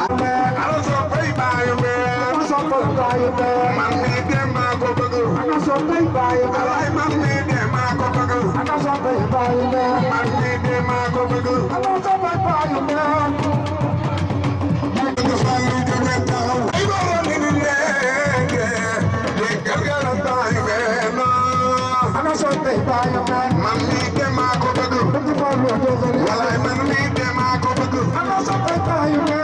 Walaay man mii dee maa ko bëgg.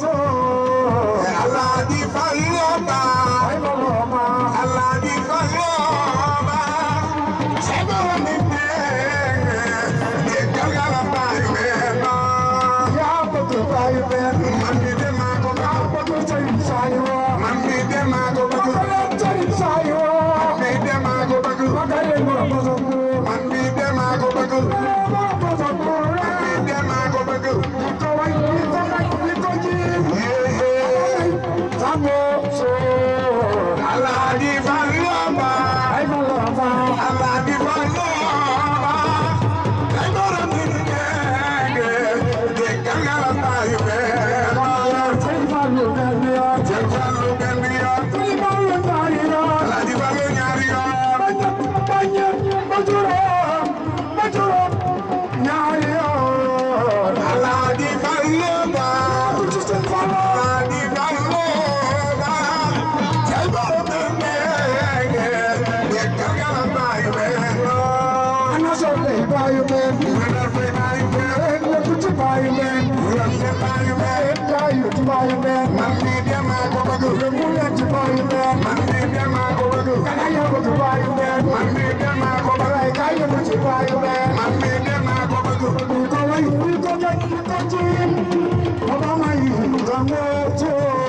fún. Aládìí parí ọba. Ọba máa yìí ìrànwọ́ tó. to. to. to. to to. to. I don't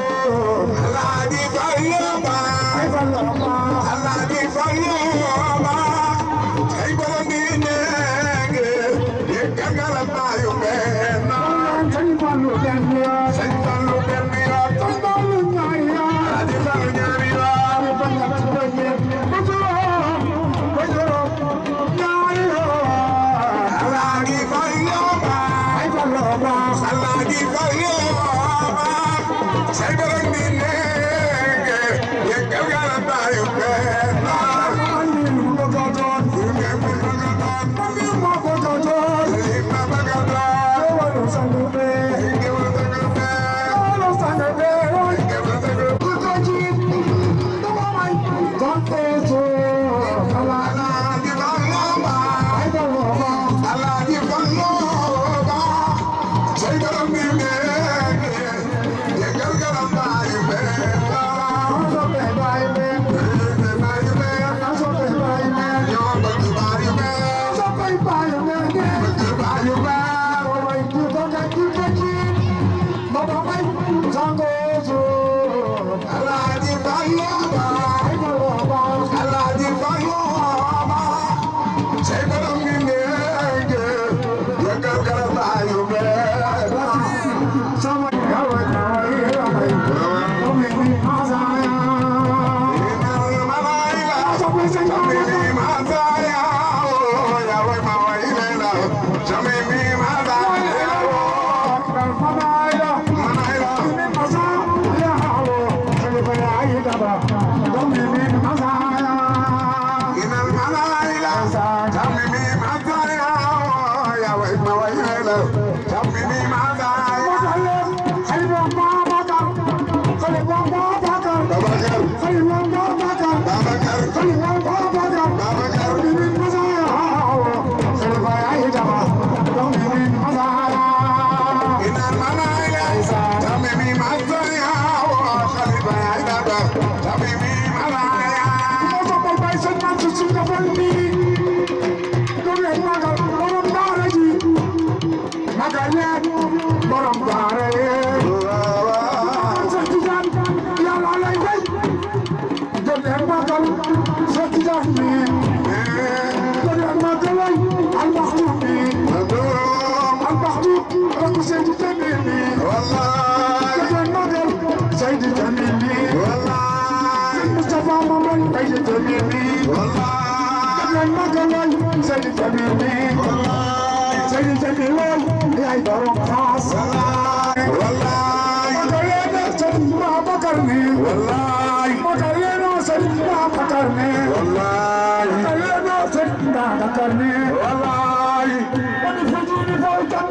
Seydi Jamili wallaay Mustafa Maman Seydi Jamili wallaay Kanan Magalay Seydi Jamili wallaay Seydi Jamili yaay borom Faas wallaay wallaay Magalena Seydi Babacar ni wallaay Magalena Seydi Babacar ni wallaay Magalena Seydi Babacar wallaay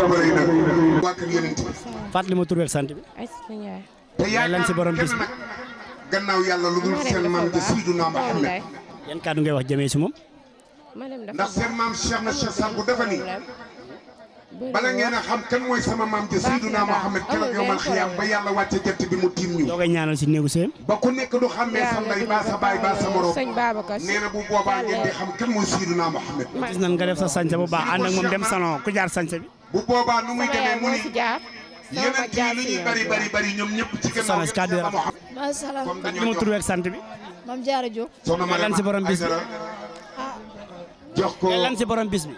jàmbale li nag ma tur beeg sant bi te yaakaar si borom bis bi gannaaw yàlla lu dul seen maam di Seydina Muhammad yan kàddu ngay wax jëmee si moom ndax seen maam Cheikh na Cheikh Sadbou dafa ni bala ngeen xam kan mooy sama maam ja Seydina Muhammad keroog yowmal xiyaam ba yàlla wàcce jant bi mu tiim ñu doo ñaanal si néegu seen ba ku nekk du xàmmee sa ndey baa sa baay baa sa morom nee bu boobaa ngeen di xam kan mooy Seydina Muhammad bu boobaa nu muy demee mu ni yeneen yi lu ñuy bari bari bari ñoom ñëpp ci gën a kaddu yaram masala comme dañu mu tur ak sant bi mam jaara jóg soxna ma lan ci borom bis bi jox ko lan ci borom bis bi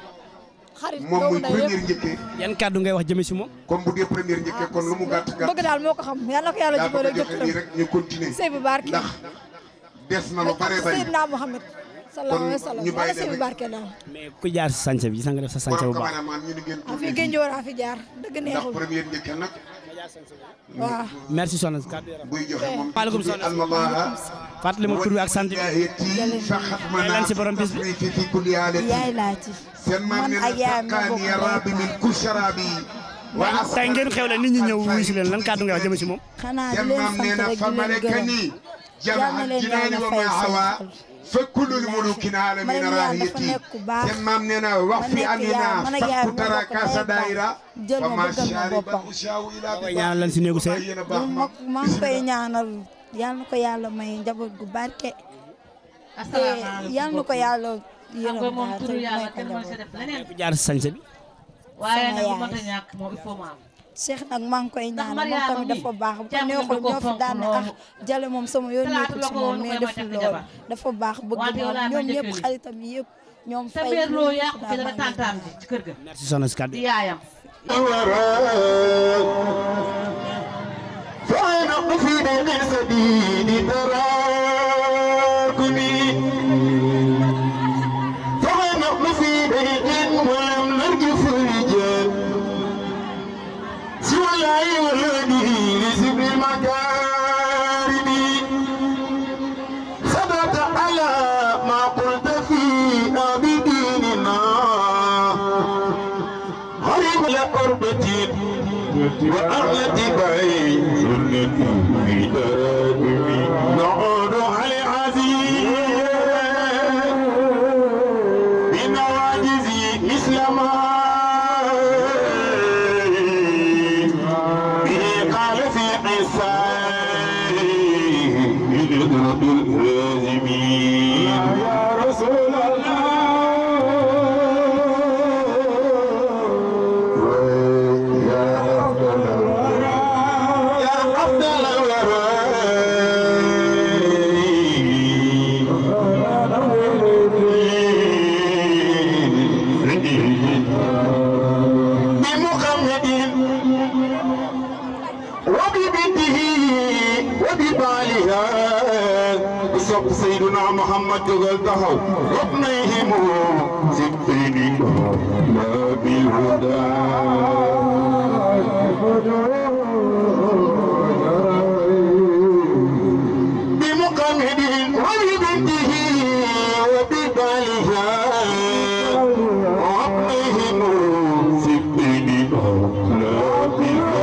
xarit muy premier njëkkee yan kaddu ngay wax jëme ci moom comme bu premier njëkkee kon lu mu gàtt gàtt bëgg daal moo ko xam yàlla ko yàlla jubale jëkkëram rek ñu continuer bu barki ndax na lu bari salaamaaleykum ñu bàyyi ku jaar si sànce bi sa a fi gënjoor a fi jaar dëgg neexul. waaw. merci soxna si kàddu yaram. maaleykum soxna si. fàttali ma tur bi ak sant bi. leen si borom bis bi. yaay laa man ak yaayam ñoo bokk tey ngeen xewle nit ñi si leen lan kàddu nga wax jëm si moom. xanaa di leen sant a di leen gërëm. jamaat jinaani wa maa hawaa fa kullul mulukin alamina raahiyati te maam nee na wax fi amina fakku tara kaasa daayira wa maa shaariba usaawu ilaa bi ñaanal lan si néegu see maa ngi koy ñaanal yal na ko yàlla may njaboot gu barke asalaamaaleykum yal na ko yàlla jaar sañse bi Cheikh nag maa ngi koy ñaan moom tamit dafa baax bu ko neexul ñoo fi daan ne ah Jalle moom sama yoon nekku ci moom mais deful loolu dafa baax bëgg naa ñoom ñëpp xaritam yëpp ñoom fay loolu yàqu fi dama tantam ji ci kër ga merci soxna si kàddu yaayam fa ana وأرض بعيد سنة في ترابي سيدنا محمد جوغل تخاو ربنيهم سبتين لا بالهدى بمقامه وببنته وببالها ربنيهم سبتين لا بالهدى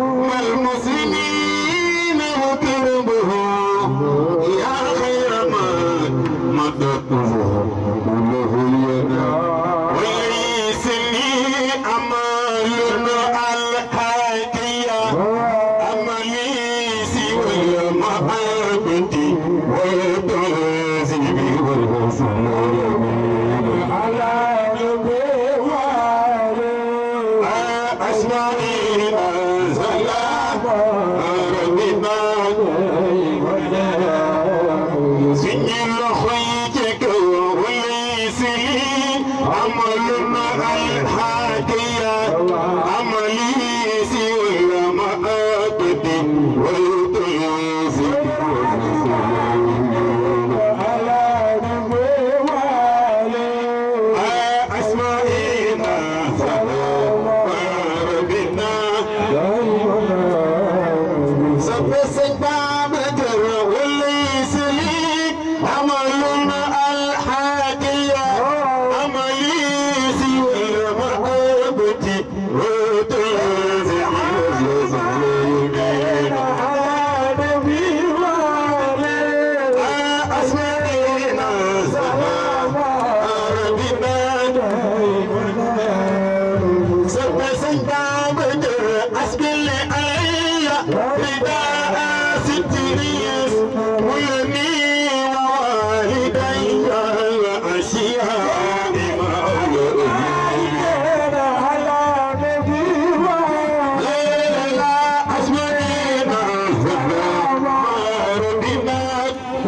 المسلمين وقلبه يا خير ما مدته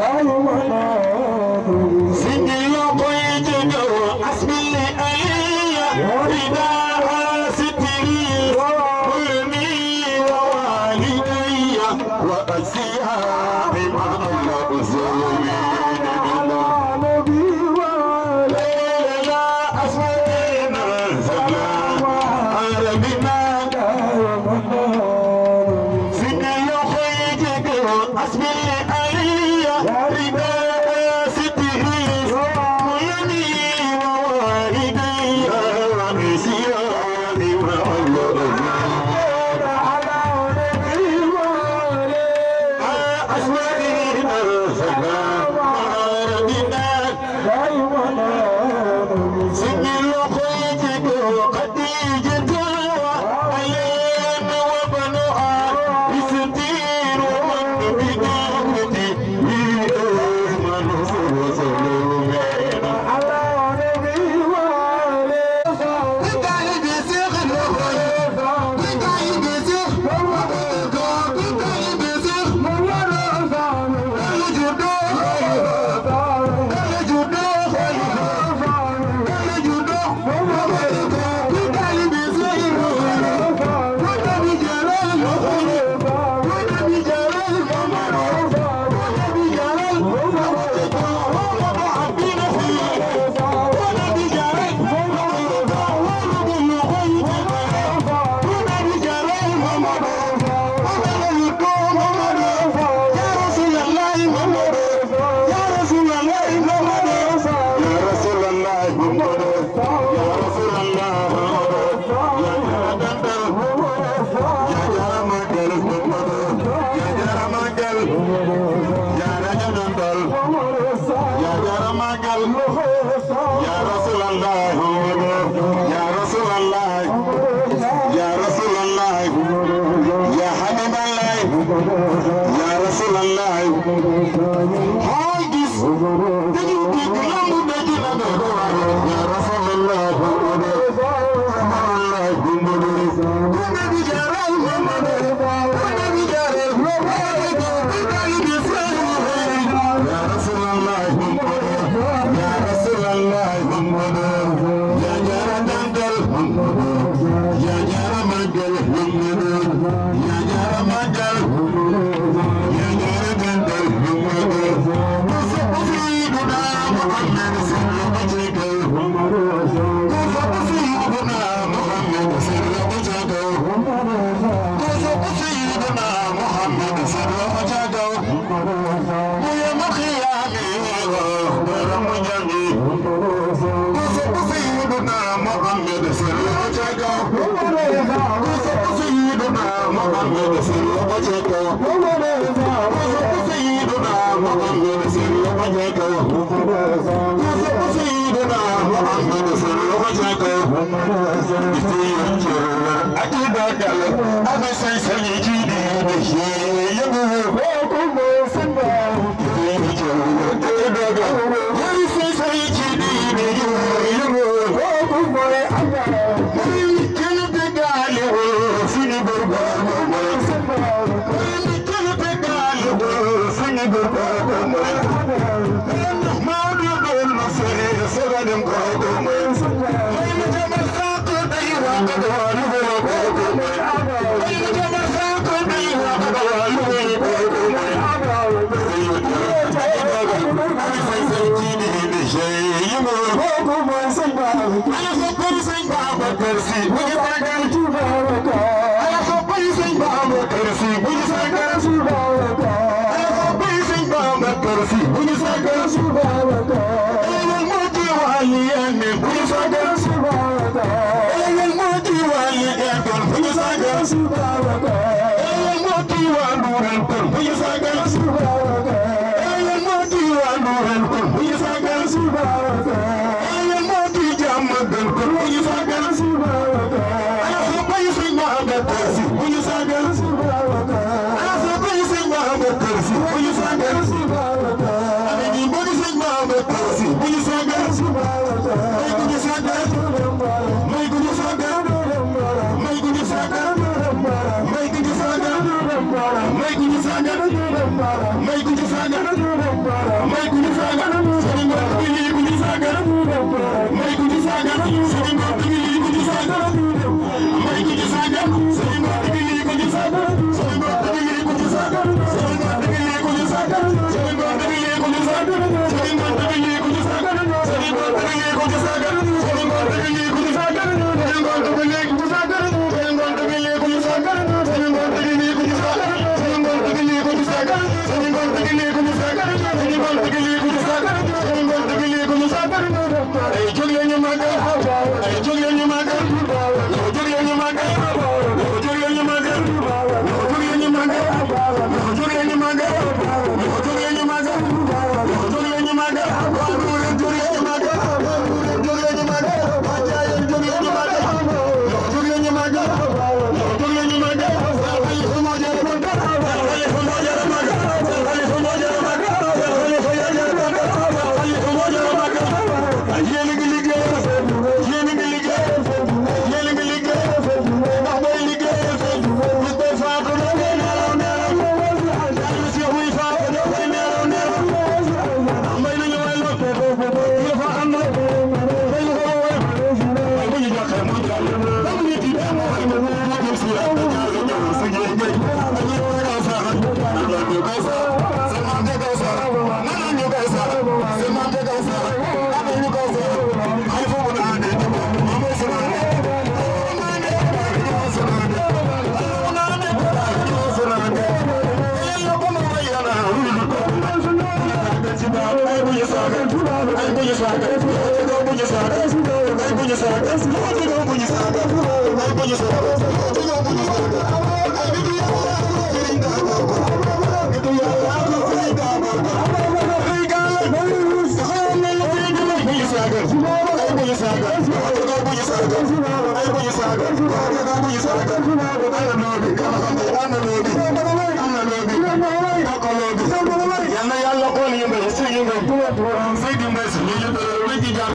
God. Al I'm gonna say, say, बद किए घुमी वर्द कि घुम